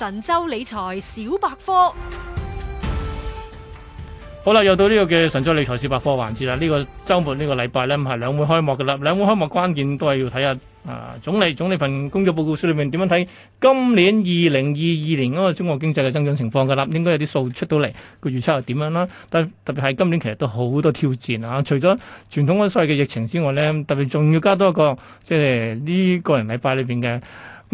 神州理財小百科，好啦，又到呢個嘅神州理財小百科環節啦。這個這個、呢個周末呢個禮拜咧，咁係兩會開幕嘅啦。兩會開幕關鍵都係要睇下啊、呃，總理總理份工作報告書裏面點樣睇今年二零二二年嗰個中國經濟嘅增長情況噶啦。應該有啲數出到嚟，個預測係點樣啦。但特別係今年其實都好多挑戰啊，除咗傳統嘅所謂嘅疫情之外咧，特別仲要加多一個，即係呢個人禮拜裏邊嘅。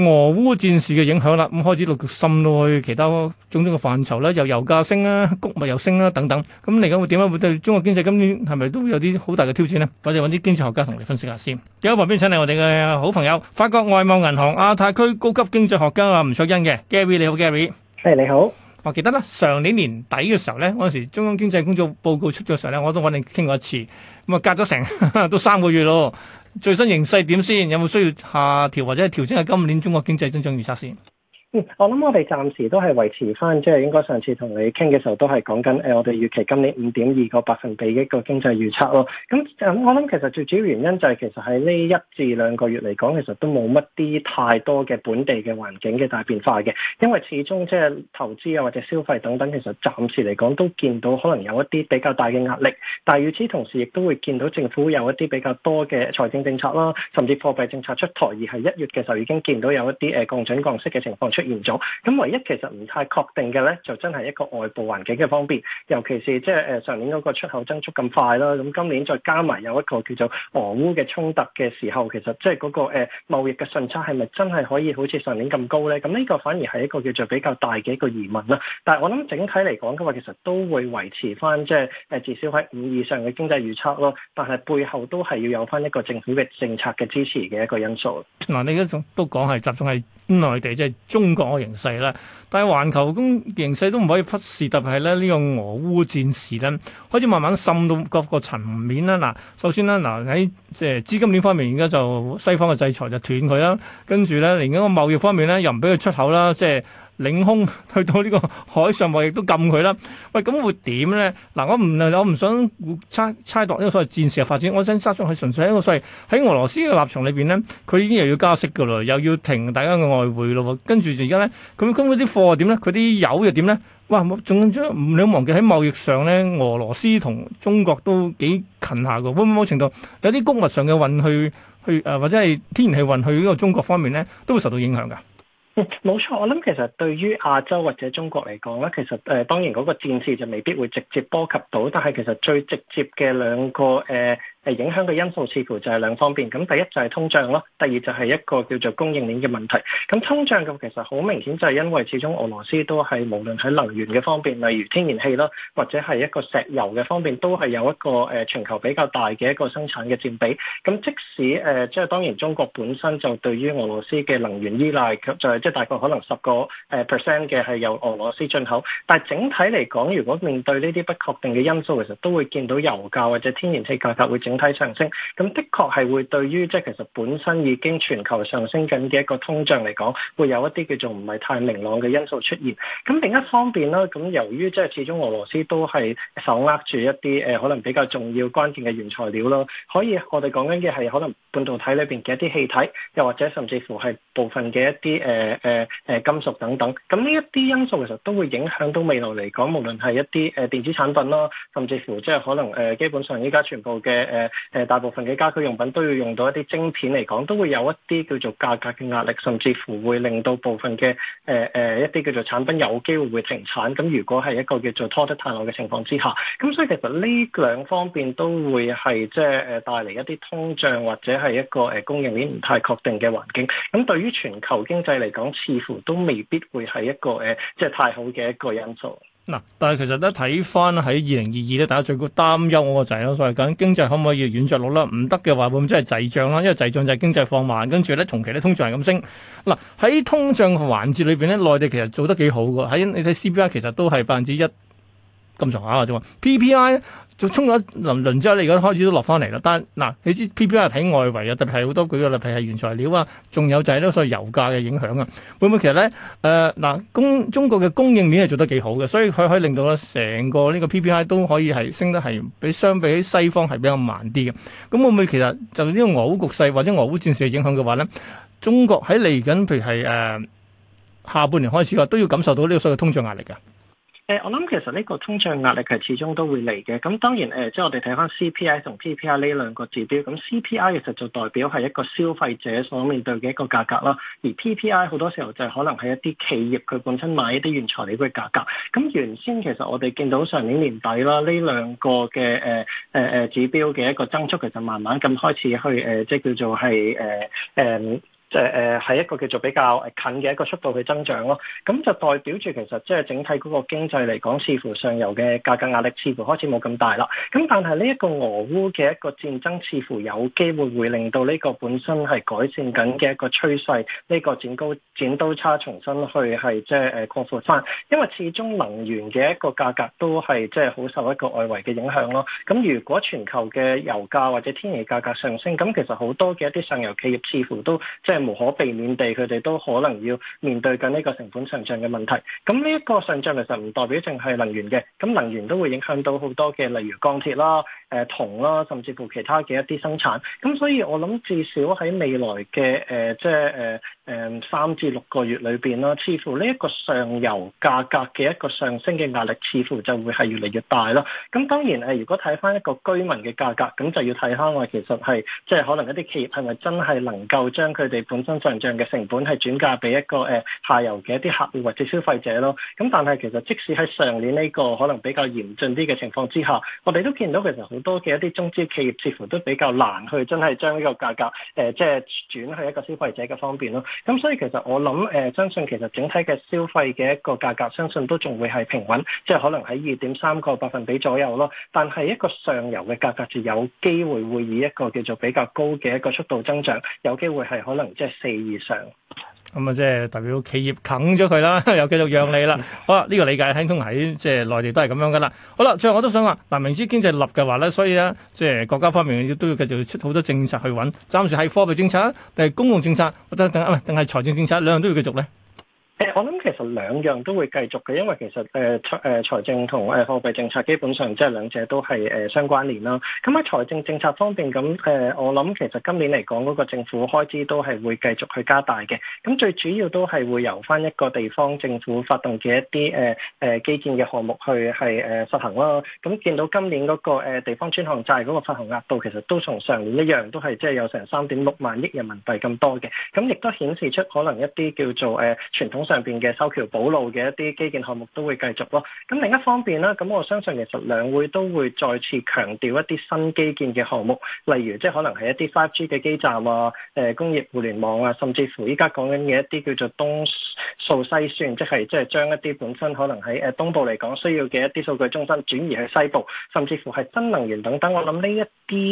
俄烏戰事嘅影響啦，咁開始陸續滲到去其他種種嘅範疇咧，又油價升啦，谷物又升啦，等等。咁嚟緊會點啊？會對中國經濟今年係咪都有啲好大嘅挑戰呢？我哋揾啲經濟學家同你分析下先。有一旁邊請嚟我哋嘅好朋友法國外貿銀行亞太區高級經濟學家吳卓殷嘅 Gary，你好 Gary。係、hey, 你好。我記得啦，上年年底嘅時候咧，嗰陣時中央經濟工作報告出咗，時候咧，我都揾你傾過一次。咁啊，隔咗成都三個月咯。最新形勢點先，有冇需要下調或者調整下今年中國經濟增長預測先？嗯，我諗我哋暫時都係維持翻，即係應該上次同你傾嘅時候都係講緊，誒、呃，我哋預期今年五點二個百分比嘅一個經濟預測咯。咁咁、嗯，我諗其實最主要原因就係、是、其實喺呢一至兩個月嚟講，其實都冇乜啲太多嘅本地嘅環境嘅大變化嘅，因為始終即係投資啊或者消費等等，其實暫時嚟講都見到可能有一啲比較大嘅壓力。但係與此同時，亦都會見到政府有一啲比較多嘅財政政策啦，甚至貨幣政策出台，而係一月嘅時候已經見到有一啲誒降準降息嘅情況出現。嚴重咁，唯一其實唔太確定嘅咧，就真係一個外部環境嘅方便，尤其是即係誒上年嗰個出口增速咁快啦，咁、嗯、今年再加埋有一個叫做俄烏嘅衝突嘅時候，其實即係嗰個誒、呃、貿易嘅順差係咪真係可以好似上年咁高咧？咁、嗯、呢、這個反而係一個叫做比較大嘅一個疑問啦。但係我諗整體嚟講嘅話，其實都會維持翻即係誒至少喺五以上嘅經濟預測咯。但係背後都係要有翻一個政府嘅政策嘅支持嘅一個因素。嗱、啊，你而家都講係集中係內地即係、就是、中。中國嘅形勢啦，但係環球嘅形勢都唔可以忽視，特別係咧呢個俄烏戰事咧開始慢慢滲到各個層面啦。嗱，首先啦，嗱喺即係資金鏈方面，而家就西方嘅制裁就斷佢啦，跟住咧連嗰個貿易方面咧又唔俾佢出口啦，即係。領空去到呢個海上貿易，或亦都禁佢啦。喂，咁會點咧？嗱，我唔我唔想猜猜度，呢個所謂戰事嘅發展，我想殺咗佢係純粹一個所謂喺俄羅斯嘅立場裏邊咧，佢已經又要加息嘅啦，又要停大家嘅外匯咯。跟住而家咧，咁咁嗰啲貨點咧？佢啲油又點咧？哇！冇總之唔想忘記喺貿易上咧，俄羅斯同中國都幾近下嘅，會唔會某程度有啲工業上嘅運去去誒，或者係天然氣運去呢個中國方面咧，都會受到影響噶？冇錯，我諗其實對於亞洲或者中國嚟講咧，其實誒、呃、當然嗰個戰事就未必會直接波及到，但係其實最直接嘅兩個誒，呃誒影響嘅因素似乎就係兩方面。咁第一就係通脹咯，第二就係一個叫做供應鏈嘅問題。咁通脹咁其實好明顯就係因為始終俄羅斯都係無論喺能源嘅方面，例如天然氣啦，或者係一個石油嘅方面，都係有一個誒全球比較大嘅一個生產嘅佔比。咁即使誒，即、呃、係當然中國本身就對於俄羅斯嘅能源依賴，就係即係大概可能十個誒 percent 嘅係由俄羅斯進口。但係整體嚟講，如果面對呢啲不確定嘅因素，其實都會見到油價或者天然氣價格格會整上升咁，的確係會對於即係其實本身已經全球上升緊嘅一個通脹嚟講，會有一啲叫做唔係太明朗嘅因素出現。咁另一方面啦，咁由於即係始終俄羅斯都係手握住一啲誒可能比較重要關鍵嘅原材料咯，可以我哋講緊嘅係可能半導體裏邊嘅一啲氣體，又或者甚至乎係部分嘅一啲誒誒誒金屬等等。咁呢一啲因素其實都會影響到未來嚟講，無論係一啲誒電子產品咯，甚至乎即係可能誒基本上依家全部嘅誒。誒、呃、大部分嘅家居用品都要用到一啲晶片嚟講，都會有一啲叫做價格嘅壓力，甚至乎會令到部分嘅誒誒一啲叫做產品有機會會停產。咁如果係一個叫做拖得太耐嘅情況之下，咁所以其實呢兩方面都會係即係誒帶嚟一啲通脹或者係一個誒供應鏈唔太確定嘅環境。咁對於全球經濟嚟講，似乎都未必會係一個誒、呃、即係太好嘅一個因素。嗱，但係其實咧，睇翻喺二零二二咧，大家最高擔憂我個仔係咯，就係講經濟可唔可以軟着陸啦？唔得嘅話，咁即係滯脹啦。因為滯脹就係經濟放慢，跟住咧同期咧通脹係咁升。嗱，喺通脹嘅環節裏邊咧，內地其實做得幾好嘅。喺你睇 CPI 其實都係百分之一咁上下嘅啫嘛，PPI。就衝咗輪輪之後，你而家開始都落翻嚟啦。但嗱，你知 PPI 係睇外圍啊，特別係好多舉例譬如係原材料啊，仲有就係咧、呃，所謂油價嘅影響啊，會唔會其實咧？誒嗱，供中國嘅供應鏈係做得幾好嘅，所以佢可以令到咧成個呢個 PPI 都可以係升得係比相比西方係比較慢啲嘅。咁會唔會其實就呢個俄烏局勢或者俄烏戰事嘅影響嘅話咧，中國喺嚟緊譬如係誒、呃、下半年開始嘅話都要感受到呢個所謂通脹壓力嘅。誒，我諗其實呢個通脹壓力其實始終都會嚟嘅。咁當然誒、呃，即係我哋睇翻 CPI 同 PPI 呢兩個指標。咁 CPI 其實就代表係一個消費者所面對嘅一個價格啦，而 PPI 好多時候就可能係一啲企業佢本身買一啲原材料嘅價格。咁原先其實我哋見到上年年底啦，呢兩個嘅誒誒誒指標嘅一個增速其實慢慢咁開始去誒、呃，即係叫做係誒誒。呃呃誒誒，係一個叫做比較近嘅一個速度嘅增長咯，咁就代表住其實即係整體嗰個經濟嚟講，似乎上游嘅價格壓力似乎開始冇咁大啦。咁但係呢一個俄烏嘅一個戰爭，似乎有機會會令到呢個本身係改善緊嘅一個趨勢，呢個剪刀剪刀差重新去係即係誒擴闊翻，因為始終能源嘅一個價格都係即係好受一個外圍嘅影響咯。咁如果全球嘅油價或者天然價格上升，咁其實好多嘅一啲上游企業似乎都即係。無可避免地，佢哋都可能要面對緊呢個成本上漲嘅問題。咁呢一個上漲其實唔代表淨係能源嘅，咁能源都會影響到好多嘅，例如鋼鐵啦、誒銅啦，甚至乎其他嘅一啲生產。咁所以我諗，至少喺未來嘅誒即係誒誒三至六個月裏邊啦，似乎呢一個上游價格嘅一個上升嘅壓力，似乎就會係越嚟越大啦。咁當然誒、呃，如果睇翻一個居民嘅價格，咁就要睇翻我其實係即係可能一啲企業係咪真係能夠將佢哋本身上漲嘅成本係轉嫁俾一個誒、呃、下游嘅一啲客戶或者消費者咯。咁但係其實即使喺上年呢、這個可能比較嚴峻啲嘅情況之下，我哋都見到其實好多嘅一啲中資企業似乎都比較難去真係將呢個價格誒即係轉去一個消費者嘅方面咯。咁所以其實我諗誒、呃，相信其實整體嘅消費嘅一個價格，相信都仲會係平穩，即、就、係、是、可能喺二點三個百分比左右咯。但係一個上游嘅價格就有機會會以一個叫做比較高嘅一個速度增長，有機會係可能。即係四以上，咁啊、嗯、即、就、係、是、代表企業啃咗佢啦， 又繼續讓利啦。 好啦，呢、這個理解喺中喺即係內地都係咁樣噶啦。好啦，最後我都想話，難明知經濟立嘅話咧，所以咧，即、就、係、是、國家方面都要繼續出好多政策去穩。暫時係貨幣政策定係公共政策，等等啊，定係財政政策，兩樣都要繼續咧。誒、嗯，我諗其實兩樣都會繼續嘅，因為其實誒財誒財政同誒貨幣政策基本上即係兩者都係誒、呃、相關聯啦。咁喺財政政策方面，咁、呃、誒我諗其實今年嚟講嗰個政府開支都係會繼續去加大嘅。咁、嗯、最主要都係會由翻一個地方政府發動嘅一啲誒誒基建嘅項目去係誒實行咯。咁、嗯、見到今年嗰、那個、呃、地方專項債嗰個發行額度，其實都同上年一樣都係即係有成三點六萬億人民幣咁多嘅。咁、嗯、亦都顯示出可能一啲叫做誒傳、呃、統。上邊嘅修橋補路嘅一啲基建項目都會繼續咯。咁另一方面啦，咁我相信其實兩會都會再次強調一啲新基建嘅項目，例如即係可能係一啲 5G 嘅基站啊、誒、呃、工業互聯網啊，甚至乎依家講緊嘅一啲叫做東數西算，即係即係將一啲本身可能喺誒東部嚟講需要嘅一啲數據中心轉移去西部，甚至乎係新能源等等。我諗呢一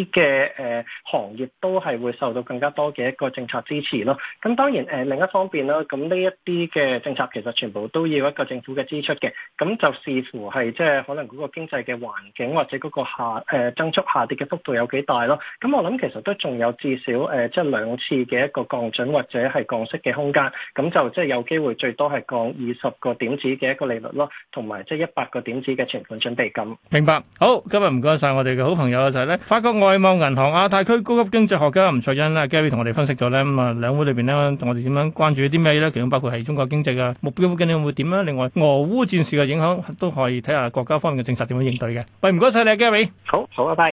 啲嘅誒行業都係會受到更加多嘅一個政策支持咯。咁當然誒、呃、另一方面啦，咁呢一啲嘅嘅政策其實全部都要一個政府嘅支出嘅，咁就視乎係即係可能嗰個經濟嘅環境或者嗰個下誒、呃、增速下跌嘅幅度有幾大咯，咁我諗其實都仲有至少誒即係兩次嘅一個降準或者係降息嘅空間，咁就即係有機會最多係降二十個點子嘅一個利率咯，同埋即係一百個點子嘅存款準備金。明白，好，今日唔該晒我哋嘅好朋友就係咧，法國外貿銀行亞太區高級經濟學家吳卓殷啦，Gary 同我哋分析咗咧，咁啊兩會裏邊咧同我哋點樣關注啲咩咧？其中包括係中國。經濟啊，目標究竟會點咧？另外，俄烏戰事嘅影響都可以睇下國家方面嘅政策點樣應對嘅。喂，唔該晒你啊，Gary。好好啊，拜拜。